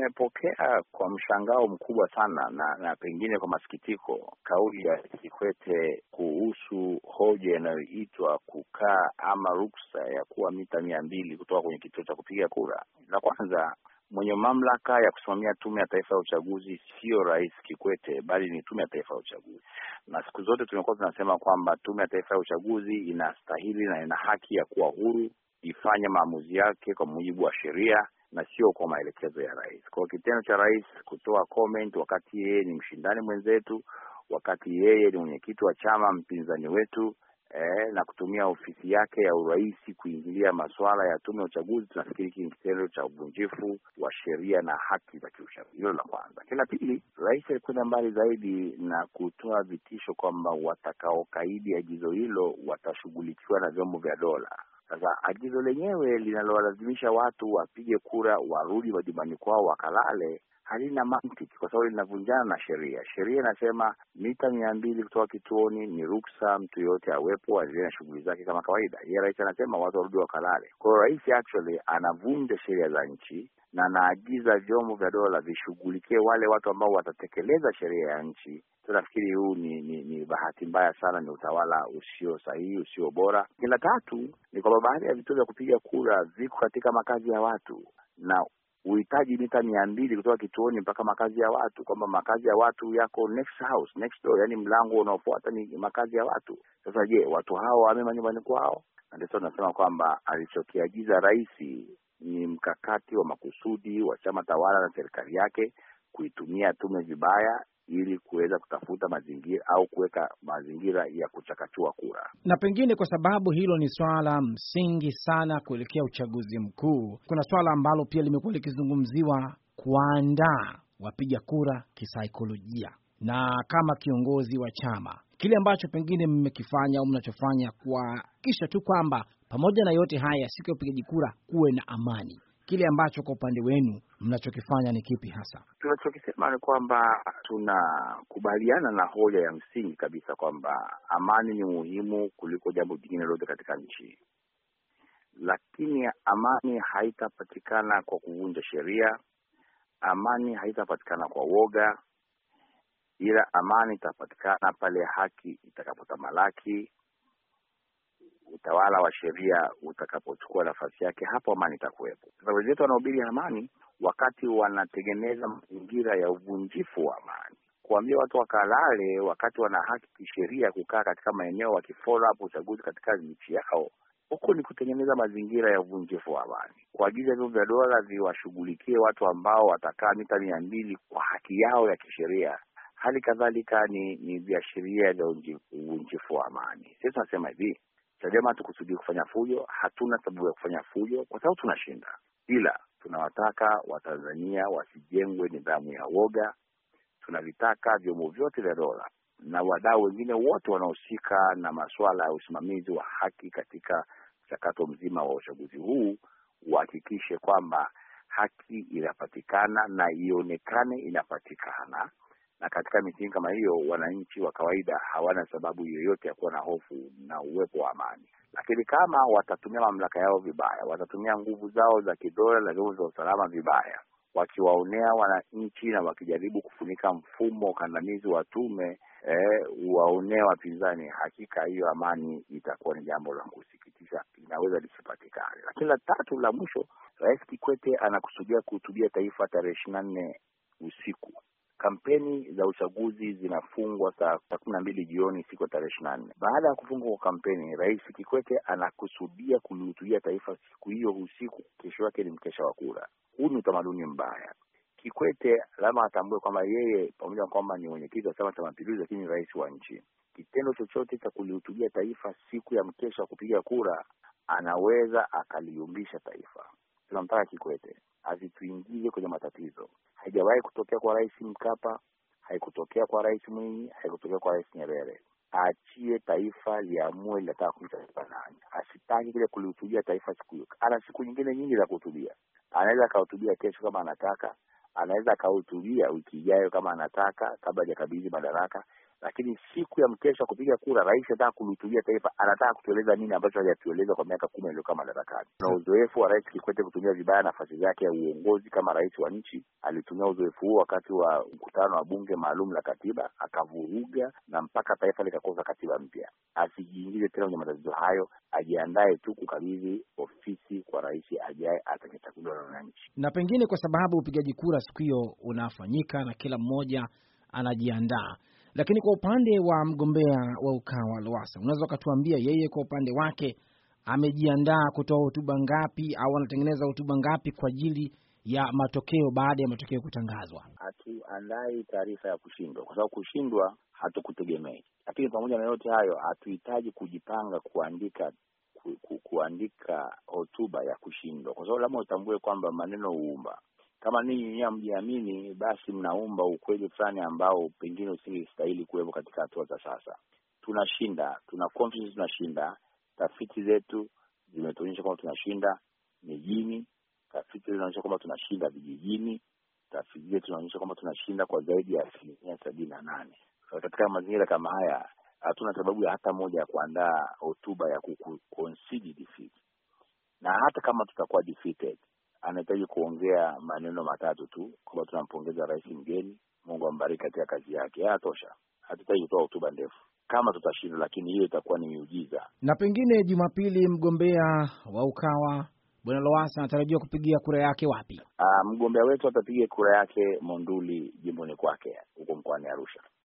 Nimepokea kwa mshangao mkubwa sana na, na pengine kwa masikitiko kauli ya Kikwete kuhusu hoja inayoitwa kukaa ama ruksa ya kuwa mita mia mbili kutoka kwenye kituo cha kupiga kura. La kwanza mwenye mamlaka ya kusimamia Tume ya Taifa ya Uchaguzi sio Rais Kikwete, bali ni Tume ya Taifa ya Uchaguzi. Na siku zote tumekuwa tunasema kwamba Tume ya Taifa ya Uchaguzi inastahili na ina haki ya kuwa huru, ifanye maamuzi yake kwa mujibu wa sheria na sio kwa maelekezo ya rais. Kwa kitendo cha rais kutoa comment wakati yeye ni mshindani mwenzetu, wakati yeye ni mwenyekiti wa chama mpinzani wetu eh, na kutumia ofisi yake ya urais kuingilia masuala ya tume ya uchaguzi, tunafikiri hiki ni kitendo cha uvunjifu wa sheria na haki za kiuchaguzi. Hilo la kwanza. Kila pili, rais alikwenda mbali zaidi na kutoa vitisho kwamba watakaokaidi agizo hilo watashughulikiwa na vyombo vya dola. Sasa agizo lenyewe linalowalazimisha watu wapige kura, warudi majumbani kwao wakalale halina mantiki kwa sababu linavunjana na sheria. Sheria inasema mita mia mbili kutoka kituoni ni ruksa, mtu yoyote awepo, aendelee na shughuli zake kama kawaida. Yeye rais anasema watu warudi wakalale. Kwa hiyo rais actually anavunja sheria za nchi na naagiza vyombo vya dola vishughulikie wale watu ambao watatekeleza sheria ya nchi. Tunafikiri huu ni, ni, ni bahati mbaya sana, ni utawala usio sahihi, usio bora. La tatu ni kwamba baadhi ya vituo vya kupiga kura viko katika makazi ya watu na uhitaji mita mia mbili kutoka kituoni mpaka makazi ya watu, kwamba makazi ya watu yako next house, next door, yani mlango unaofuata ni makazi ya watu. Sasa je, watu hao wame manyumbani kwao? Na ndio tunasema kwamba alichokiagiza rais ni mkakati wa makusudi wa chama tawala na serikali yake kuitumia tume vibaya ili kuweza kutafuta mazingira au kuweka mazingira ya kuchakachua kura. Na pengine kwa sababu hilo ni swala msingi sana kuelekea uchaguzi mkuu, kuna swala ambalo pia limekuwa likizungumziwa, kuandaa wapiga kura kisaikolojia, na kama kiongozi wa chama, kile ambacho pengine mmekifanya au mnachofanya kuhakikisha tu kwamba pamoja na yote haya, siku ya upigaji kura kuwe na amani. Kile ambacho kwa upande wenu mnachokifanya ni kipi hasa? Tunachokisema ni kwamba tunakubaliana na hoja ya msingi kabisa kwamba amani ni muhimu kuliko jambo jingine lote katika nchi, lakini amani haitapatikana kwa kuvunja sheria, amani haitapatikana kwa woga, ila amani itapatikana pale haki itakapotamalaki, utawala wa sheria utakapochukua nafasi yake, hapo amani itakuwepo. Sasa wenzetu wanahubiri amani wakati wanatengeneza mazingira ya uvunjifu wa amani, kuambia watu wakalale wakati wana haki kisheria kukaa katika maeneo wakifollow up uchaguzi katika nchi yao huku ni kutengeneza mazingira ya uvunjifu wa amani, kuagiza vyombo vya dola viwashughulikie watu ambao watakaa mita mia mbili kwa haki yao ya kisheria. Hali kadhalika ni ni viashiria vya uvunjifu wa amani. Sisi tunasema hivi, Chadema hatukusudia kufanya fujo, hatuna sababu ya kufanya fujo kwa sababu tunashinda, ila tunawataka Watanzania wasijengwe nidhamu ya woga. Tunavitaka vyombo vyote vya dola na wadau wengine wote wanaohusika na masuala ya usimamizi wa haki katika mchakato mzima wa uchaguzi huu wahakikishe kwamba haki inapatikana na ionekane inapatikana, na katika mitingi kama hiyo wananchi wa kawaida hawana sababu yoyote ya kuwa na hofu na uwepo wa amani. Lakini kama watatumia mamlaka yao vibaya, watatumia nguvu zao za kidola na vyombo vya usalama vibaya, wakiwaonea wananchi na wakijaribu kufunika mfumo kandamizi wa tume eh, waonee wapinzani, hakika hiyo amani itakuwa ni jambo la kusikitisha, inaweza lisipatikane. Lakini la tatu la mwisho, Rais Kikwete anakusudia kuhutubia taifa tarehe ishirini na nne usiku Kampeni za uchaguzi zinafungwa saa kumi na mbili jioni siku ya tarehe ishirini na nne. Baada ya kufungwa kwa kampeni, Rais Kikwete anakusudia kulihutubia taifa siku hiyo usiku. Kesho yake ni mkesha wa kura. Huu ni utamaduni mbaya. Kikwete lazima atambue kwamba yeye pamoja na kwamba ni mwenyekiti wa Chama cha Mapinduzi, lakini ni rais wa nchi. Kitendo chochote cha kulihutubia taifa siku ya mkesha wa kupiga kura, anaweza akaliumbisha taifa. Tunamtaka Kikwete asituingize kwenye matatizo. Haijawahi kutokea kwa Rais Mkapa, haikutokea kwa Rais Mwinyi, haikutokea kwa Rais Nyerere. Aachie taifa liamue linataka kuitaifa nani. Asitaki kile kulihutubia taifa siku hiyo. Ana siku nyingine nyingi za kuhutubia. Anaweza akahutubia kesho kama anataka, anaweza akahutubia wiki ijayo kama anataka, kabla hajakabidhi madaraka lakini siku ya mkesha kupiga kura, rais anataka kulihutubia taifa, anataka kutueleza nini ambacho hajatueleza kwa miaka kumi aliyokaa madarakani. Na uzoefu wa Rais Kikwete kutumia vibaya nafasi zake ya uongozi kama rais wa nchi, alitumia uzoefu huo wakati wa mkutano wa bunge maalum la katiba, akavuruga na mpaka taifa likakosa katiba mpya. Asijiingize tena kwenye matatizo hayo, ajiandae tu kukabidhi ofisi kwa rais ajaye atakayechaguliwa na wananchi. Na pengine kwa sababu upigaji kura siku hiyo unafanyika na kila mmoja anajiandaa lakini kwa upande wa mgombea wa Ukawa Lowassa, unaweza ukatuambia yeye kwa upande wake amejiandaa kutoa hotuba ngapi au anatengeneza hotuba ngapi kwa ajili ya matokeo baada ya matokeo kutangazwa? Hatuandai taarifa ya kushindwa, kwa sababu kushindwa hatukutegemei. Lakini pamoja na yote hayo, hatuhitaji kujipanga kuandika ku, ku, kuandika hotuba ya kushindwa, kwa sababu lazima utambue kwamba maneno huumba. Kama ninyi nyinyi hamjiamini, basi mnaumba ukweli fulani ambao pengine usingestahili kuwepo katika hatua za sasa. Tunashinda, tuna confidence, tunashinda. Tafiti zetu zimetuonyesha kwamba tunashinda mijini, tafiti zinaonyesha kwamba tunashinda vijijini, tafiti zetu zinaonyesha kwamba tunashinda kwa zaidi ya asilimia sabini na nane. Katika mazingira kama haya, hatuna sababu ya hata moja ya kuandaa hotuba ya kuconcede defeat, na hata kama tutakuwa defeated anahitaji kuongea maneno matatu tu kwamba tunampongeza rais mgeni, Mungu ambariki katika kazi yake. Yatosha, hatuhitaji kutoa hotuba ndefu kama tutashinda, lakini hiyo itakuwa ni miujiza. Na pengine Jumapili, mgombea wa Ukawa Bwana Lowasa anatarajiwa kupigia kura yake wapi? Aa, ah, mgombea wetu atapiga kura yake Monduli, jimboni kwake huko mkoani Arusha.